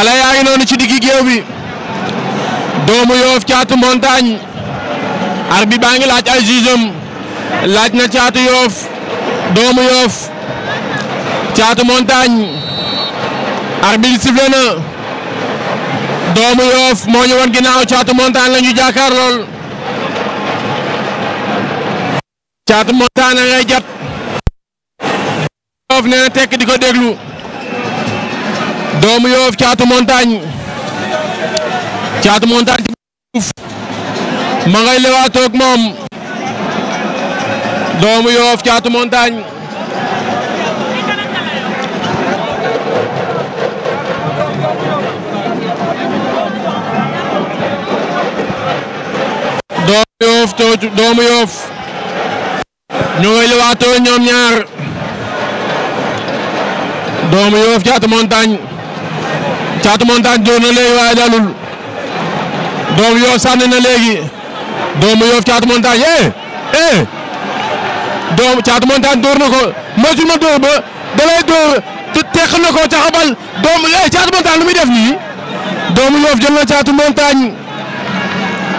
xale yaa ngi noonu ci diggi géew bi doomu yoof caatu montagne arbi baa ngi laaj ay jugeem laaj na caatu yoof doomu yoof caatu montagne arbi sifflé doomu yoof moo ñu woon ginnaaw caatu montagne la ñu lool caatu montagne a ngay jat yoof nee tekk di ko déglu doomu Yoff Thiatou Montagne Thiatou Montagne ci moom doomu Yoff Thiatou Montagne ñaar doomu Caatu Montagne door na léegi waaye dalul Doomu Yoof sànni na léegi Doomu Yoof Caatu Montagne eh eh Doomu Caatu Montagne door na ko moytu ma door ba dalay door te teq na ko caxabal Doomu eh Caatu Montagne lu muy def nii Doomu Yoof jël na Caatu Montagne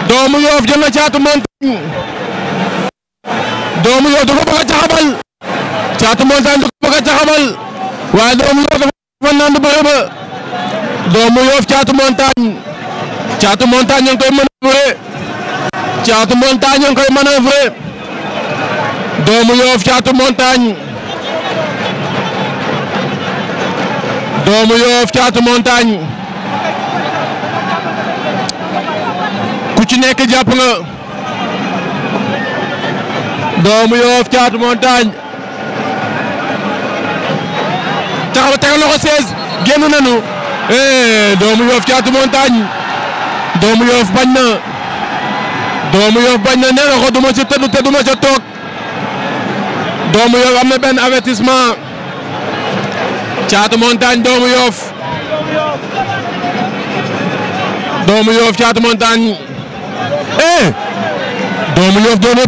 Doomu Yoof jël na Caatu Montagne Doomu Yoof da ko bëgg a caxabal Caatu Montagne da ko bëgg a caxabal waaye Doomu Yoof dafa naan ba doomu Yoff Thiatou Montagne Thiatou Montagne ñu ngi koy manœuvrer Thiatou Montagne ñu ngi koy manœuvrer doomu Yoff Thiatou Montagne doomu ku ci nekk jàpp nga doomu Yoff Thiatou Montagne taxaw tegal na ko 16 génn nañu eh doomu yoof caatu montagne doomu yoof bañ na doomu yoof bañ na nee ko du ma ci tëdd te du ma ca doomu yoof am benn avertissement caatu montagne doomu yoof doomu yoof caatu montagne eh doomu yoof doomu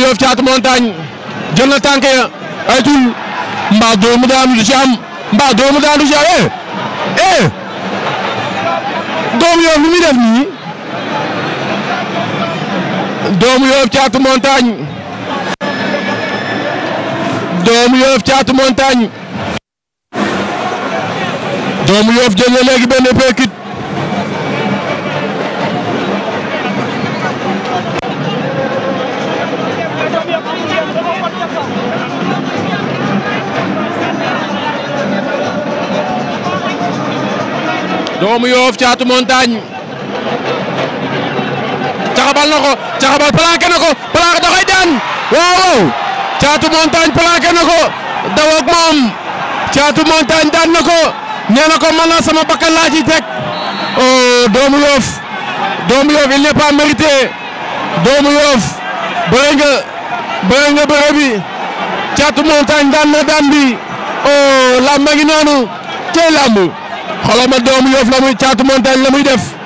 yoof caatu montagne jël na tànk ya mbaa doomu daanu du ci am mbaa doomu daanu du ci am eh eh doomu Yoff caatu montagne doomu Yoff caatu montagne doomu Yoff jël na léegi benn doomu Yoff Thiatou Montagne caxabal na ko caxabal plaqué na ko plaqué da koy daan waaw waaw Thiatou Montagne na ko daw ak moom Thiatou Montagne daan na ko nee na ko mën na sama bakkan laa ci teg oh, doomu Yoff doomu Yoff il n'est pas mérité doomu Yoff bëre nga bëre nga bëre daan na daan bi oh làmb noonu cey làmb xoolal ma doom Yoff la muy Caatu Montagne la muy def